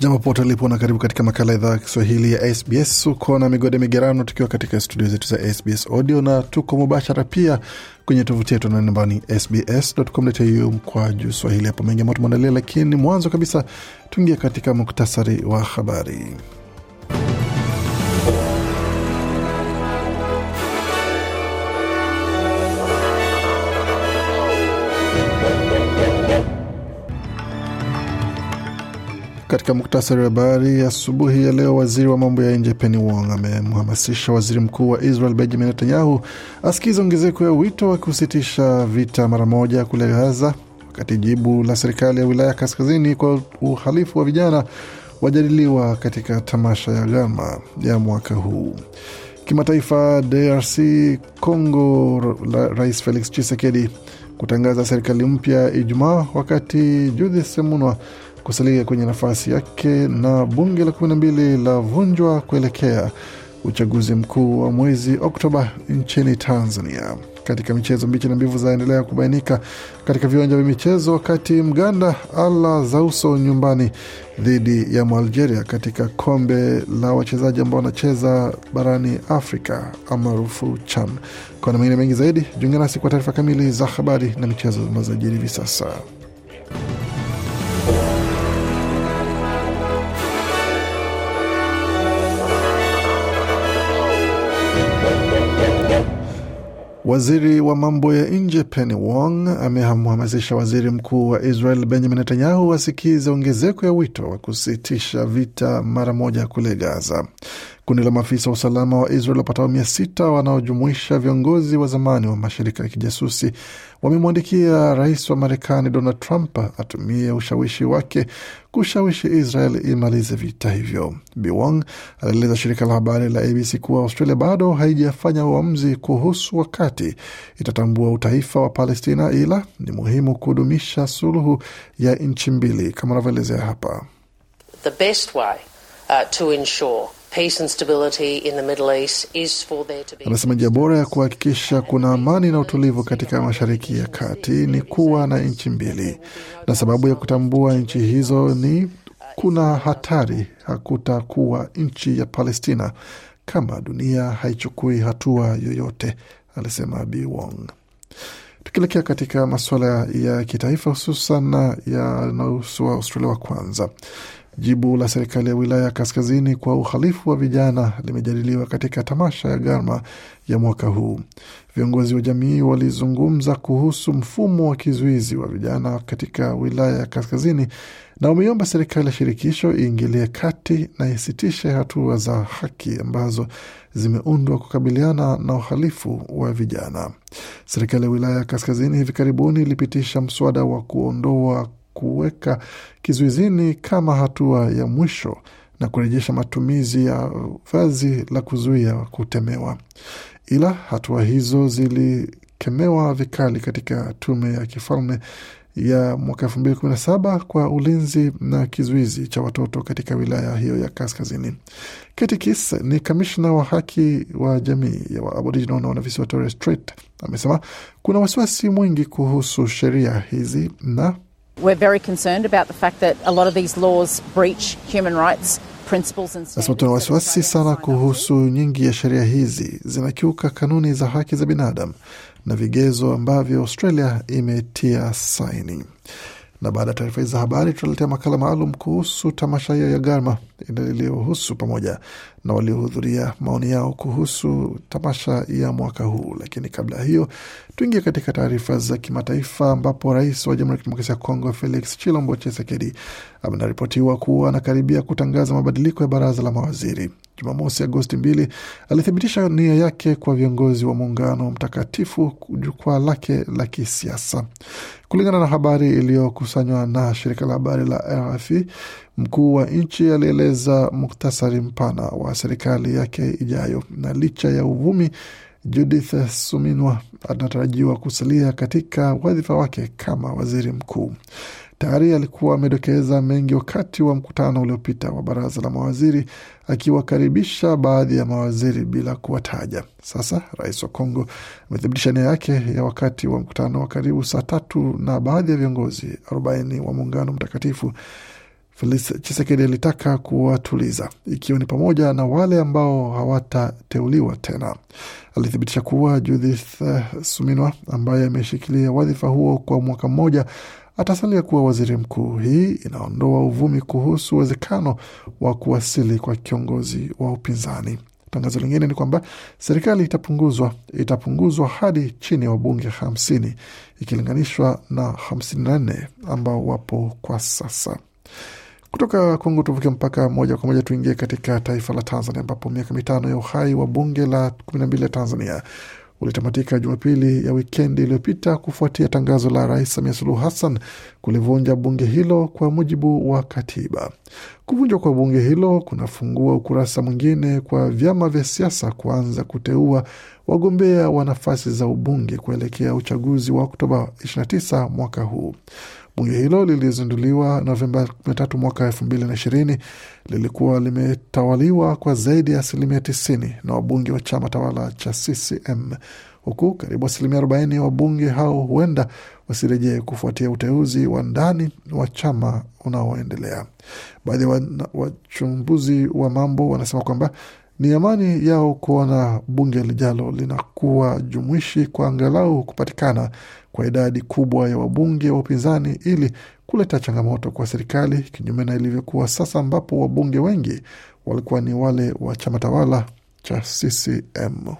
Jambo pote ulipo na karibu katika makala idhaa ya Kiswahili ya SBS. Uko na migode migerano, tukiwa katika studio zetu za SBS Audio na tuko mubashara pia kwenye tovuti yetu nambani sbs.com.au mkwa juu swahili. Hapo mengi ambayo tumeandalia, lakini mwanzo kabisa tuingie katika muktasari wa habari. Katika muktasari wa habari asubuhi ya leo, waziri wa mambo ya nje Penny Wong amemhamasisha waziri mkuu wa Israel Benjamin Netanyahu asikiza ongezeko ya wito wa kusitisha vita mara moja kule Gaza, wakati jibu la serikali ya wilaya kaskazini kwa uhalifu wa vijana wajadiliwa katika tamasha ya Gama ya mwaka huu. Kimataifa, DRC Congo, Rais Felix Tshisekedi kutangaza serikali mpya Ijumaa, wakati Judith Semunwa kusalia kwenye nafasi yake na bunge la 12 la vunjwa kuelekea uchaguzi mkuu wa mwezi Oktoba nchini Tanzania. Katika michezo, mbichi na mbivu zaendelea kubainika katika viwanja vya michezo, wakati Mganda ala Zauso nyumbani dhidi ya Mwalgeria katika kombe la wachezaji ambao wanacheza barani Afrika almaarufu CHAN. Kwa na mengine mengi zaidi, jiunga nasi kwa taarifa kamili za habari na michezo mazajiri hivi sasa. Waziri wa mambo ya nje Penny Wong amemhamasisha waziri mkuu wa Israel Benjamin Netanyahu asikize ongezeko ya wito wa kusitisha vita mara moja kule Gaza. Kundi la maafisa wa usalama wa Israel wapatao mia sita wanaojumuisha viongozi wa zamani wa mashirika ya kijasusi wamemwandikia rais wa Marekani Donald Trump atumie ushawishi wake kushawishi Israel imalize vita hivyo. Biwang alieleza shirika la habari la ABC kuwa Australia bado haijafanya uamuzi kuhusu wakati itatambua utaifa wa Palestina, ila ni muhimu kudumisha suluhu ya nchi mbili, kama anavyoelezea hapa. The best way, uh, to ensure Anasema njia bora ya kuhakikisha kuna amani na utulivu katika Mashariki ya Kati ni kuwa na nchi mbili, na sababu ya kutambua nchi hizo ni kuna hatari hakutakuwa nchi ya Palestina kama dunia haichukui hatua yoyote, alisema Bi Wong. Tukielekea katika masuala ya kitaifa, hususan yanayohusu Australia wa kwanza Jibu la serikali ya wilaya ya kaskazini kwa uhalifu wa vijana limejadiliwa katika tamasha ya Garma ya mwaka huu. Viongozi wa jamii walizungumza kuhusu mfumo wa kizuizi wa vijana katika wilaya ya kaskazini na wameiomba serikali ya shirikisho iingilie kati na isitishe hatua za haki ambazo zimeundwa kukabiliana na uhalifu wa vijana. Serikali ya wilaya ya kaskazini hivi karibuni ilipitisha mswada wa kuondoa kuweka kizuizini kama hatua ya mwisho na kurejesha matumizi ya vazi la kuzuia kutemewa. Ila hatua hizo zilikemewa vikali katika tume ya kifalme ya mwaka elfu mbili kumi na saba kwa ulinzi na kizuizi cha watoto katika wilaya hiyo ya kaskazini. Kati Kis ni kamishna wa haki wa jamii ya Aboriginal na wanavisiwa Torres Strait, amesema kuna wasiwasi mwingi kuhusu sheria hizi na Nasema tuna wasiwasi sana kuhusu nyingi ya sheria hizi zinakiuka kanuni za haki za binadamu na vigezo ambavyo Australia imetia saini. Na baada ya taarifa hizi za habari, tunaletea makala maalum kuhusu tamasha hiyo ya Garma iliyohusu pamoja na waliohudhuria maoni yao kuhusu tamasha ya mwaka huu. Lakini kabla ya hiyo, tuingie katika taarifa za kimataifa, ambapo rais wa Jamhuri ya Kidemokrasia ya Kongo Felix Chilombo Chisekedi anaripotiwa kuwa anakaribia kutangaza mabadiliko ya baraza la mawaziri. Jumamosi Agosti mbili alithibitisha nia yake kwa viongozi wa muungano mtakatifu jukwaa lake la kisiasa. Kulingana na habari iliyokusanywa na shirika la habari la RFI, mkuu wa nchi alieleza muktasari mpana wa serikali yake ijayo, na licha ya uvumi, Judith Suminwa anatarajiwa kusalia katika wadhifa wake kama waziri mkuu tayari alikuwa amedokeza mengi wakati wa mkutano uliopita wa baraza la mawaziri, akiwakaribisha baadhi ya mawaziri bila kuwataja. Sasa rais wa Kongo amethibitisha nia yake ya wakati wa mkutano wa karibu saa tatu na baadhi ya viongozi arobaini wa muungano mtakatifu Felix alitaka kuwatuliza ikiwa ni pamoja na wale ambao hawatateuliwa tena. Alithibitisha kuwa Judith Suminwa ambaye ameshikilia wadhifa huo kwa mwaka mmoja atasalia kuwa waziri mkuu. Hii inaondoa uvumi kuhusu uwezekano wa kuwasili kwa kiongozi wa upinzani. Tangazo lingine ni kwamba serikali itapunguzwa itapunguzwa hadi chini ya wabunge hamsini ikilinganishwa na hamsini na nne ambao wapo kwa sasa. Kutoka Kongo tuvuke mpaka moja kwa moja tuingie katika taifa la Tanzania, ambapo miaka mitano ya uhai wa bunge la kumi na mbili la Tanzania ulitamatika Jumapili ya wikendi iliyopita kufuatia tangazo la Rais Samia Suluhu Hassan kulivunja bunge hilo kwa mujibu wa katiba. Kuvunjwa kwa bunge hilo kunafungua ukurasa mwingine kwa vyama vya siasa kuanza kuteua wagombea wa nafasi za ubunge kuelekea uchaguzi wa Oktoba 29 mwaka huu. Bunge hilo lilizinduliwa Novemba 3 mwaka 2020, lilikuwa limetawaliwa kwa zaidi ya asilimia 90 na wabunge wa chama tawala cha CCM, huku karibu asilimia 40 wa wabunge hao huenda wasirejee kufuatia uteuzi wa ndani wa chama unaoendelea. Baadhi ya wachumbuzi wa mambo wanasema kwamba ni amani yao kuona bunge lijalo linakuwa jumuishi kwa angalau kupatikana kwa idadi kubwa ya wabunge wa upinzani ili kuleta changamoto kwa serikali, kinyume na ilivyokuwa sasa, ambapo wabunge wengi walikuwa ni wale wa chama tawala cha CCM.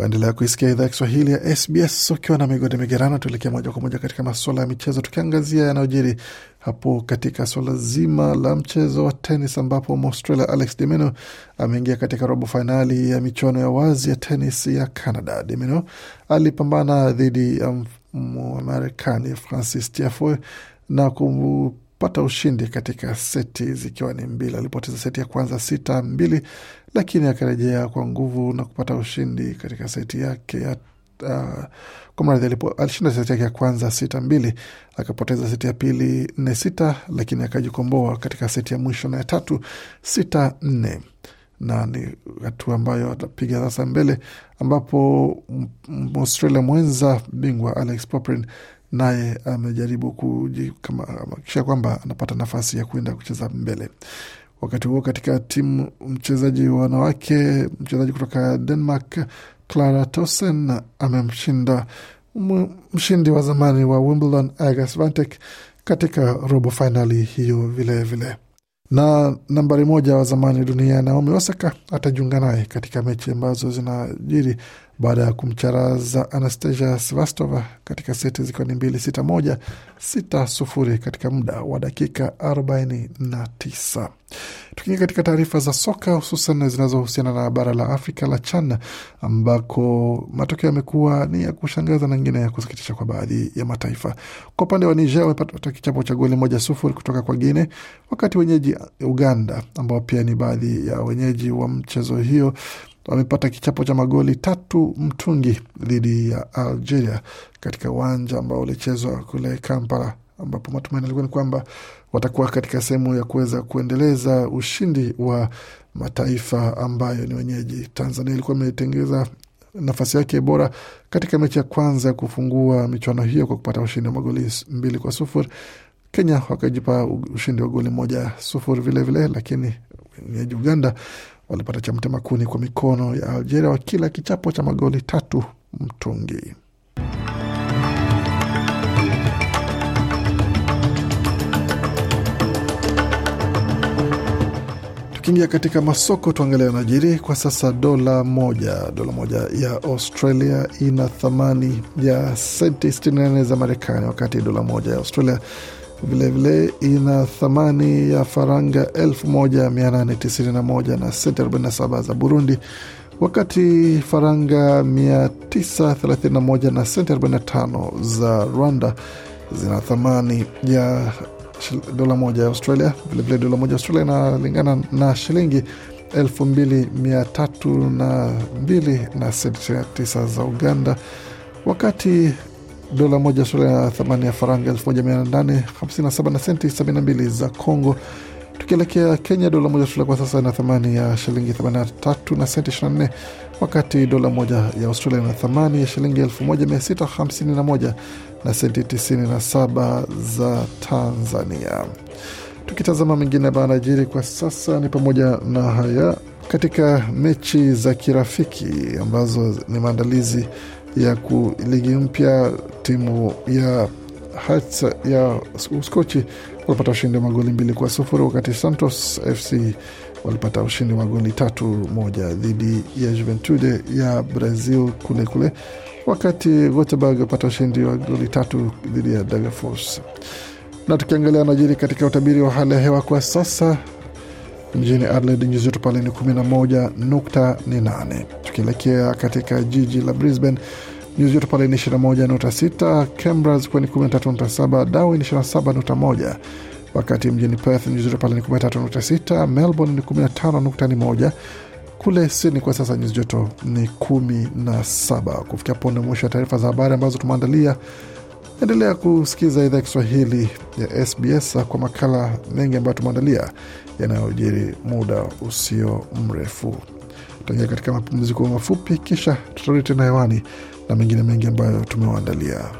Waendelea kuisikia idhaa ya Kiswahili ya SBS ukiwa na migodi migerano. Tuelekea moja kwa moja katika masuala ya michezo, tukiangazia yanayojiri hapo katika swala zima la mchezo wa tenis, ambapo Mwaustralia Alex de Minaur ameingia katika robo fainali ya michuano ya wazi ya tenis ya Canada. De Minaur alipambana dhidi ya Marekani Francis Tiafoe na kumbu kupata ushindi katika seti zikiwa ni mbili. Alipoteza seti ya kwanza sita mbili, lakini akarejea kwa nguvu na kupata ushindi katika seti yake ya Uh, kwa mradhi alishinda seti yake ya kwanza sita mbili, akapoteza seti ya pili nne sita, lakini akajikomboa katika seti ya mwisho na ya tatu sita nne na ni hatua ambayo atapiga sasa mbele, ambapo Australia mwenza bingwa Alex Poprin naye amejaribu kuhakikisha kwamba anapata nafasi ya kuenda kucheza mbele. Wakati huo katika timu mchezaji wa wanawake, mchezaji kutoka Denmark Clara Tosen amemshinda mshindi wa zamani wa Wimbledon Iga Swiatek katika robo fainali hiyo vilevile vile na nambari moja wa zamani dunia Naomi Osaka atajiunga naye katika mechi ambazo zinajiri baada ya kumcharaza Anastasia Sevastova katika seti zikiwa ni mbili sita moja sita sufuri katika muda wa dakika arobaini na tisa. Tukiingia katika taarifa za soka hususan zinazohusiana na bara la Afrika la CHAN ambako matokeo yamekuwa ni ya kushangaza na ingine ya kusikitisha kwa baadhi ya mataifa. Kwa upande wa Niger wamepata kichapo cha goli moja sufuri kutoka kwa Guine, wakati wenyeji Uganda ambao pia ni baadhi ya wenyeji wa mchezo hiyo wamepata kichapo cha magoli tatu mtungi dhidi ya Algeria katika uwanja ambao ulichezwa kule Kampala, ambapo matumaini alikuwa ni kwamba watakuwa katika sehemu ya kuweza kuendeleza ushindi wa mataifa ambayo ni wenyeji. Tanzania ilikuwa imetengeza nafasi yake bora katika mechi ya kwanza ya kufungua michuano hiyo kwa kupata ushindi wa magoli mbili kwa sufuri. Kenya wakajipa ushindi wa goli moja sufuri vilevile, lakini wenyeji Uganda walipata cha mtema kuni kwa mikono ya Algeria wa kila kichapo cha magoli tatu mtungi. Tukiingia katika masoko tuangalia yanajiri kwa sasa. Dola moja dola moja ya Australia ina thamani ya senti 64 za Marekani, wakati dola moja ya Australia vilevile ina thamani ya faranga 1891 na 47 za Burundi, wakati faranga 931 na 45 za Rwanda zina thamani ya dola moja ya Australia. Vilevile dola moja ya Australia inalingana na shilingi 2302 na 9 za Uganda, wakati dola moja sawa ya thamani ya faranga 1857 na senti 72 za Kongo. Tukielekea Kenya, dola moja Australia kwa sasa ina thamani ya shilingi 83 na senti 24, wakati dola moja ya Australia ina thamani ya shilingi 1651 na senti 97 za Tanzania. Tukitazama mengine ambayo anajiri kwa sasa ni pamoja na haya katika mechi za kirafiki ambazo ni maandalizi ya ku ligi mpya timu ya Hearts ya Uskochi walipata ushindi wa magoli mbili kwa sufuri wakati Santos FC walipata ushindi wa magoli tatu moja dhidi ya Juventude ya Brazil kule kule, wakati Gothenburg walipata ushindi wa goli tatu dhidi ya Degerfors. Na tukiangalia najiri katika utabiri wa hali ya hewa kwa sasa mjini Adelaide nyuzi joto pale ni 11.8. Tukielekea katika jiji la Brisbane nyuzi joto pale ni 21.6, Canberra zikiwa ni 13.7, Darwin 27.1, wakati mjini Perth nyuzi joto pale ni 13.6, Melbourne ni 15.1 kule Sydney kwa sasa nyuzi joto ni 17. Kufikia ponde mwisho ya taarifa za habari ambazo tumeandalia. Endelea kusikiza idhaa ya Kiswahili ya SBS kwa makala mengi ambayo tumeandalia yanayojiri muda usio mrefu. Tutaingia katika mapumziko mafupi, kisha tutarudi tena hewani na mengine mengi ambayo tumewaandalia.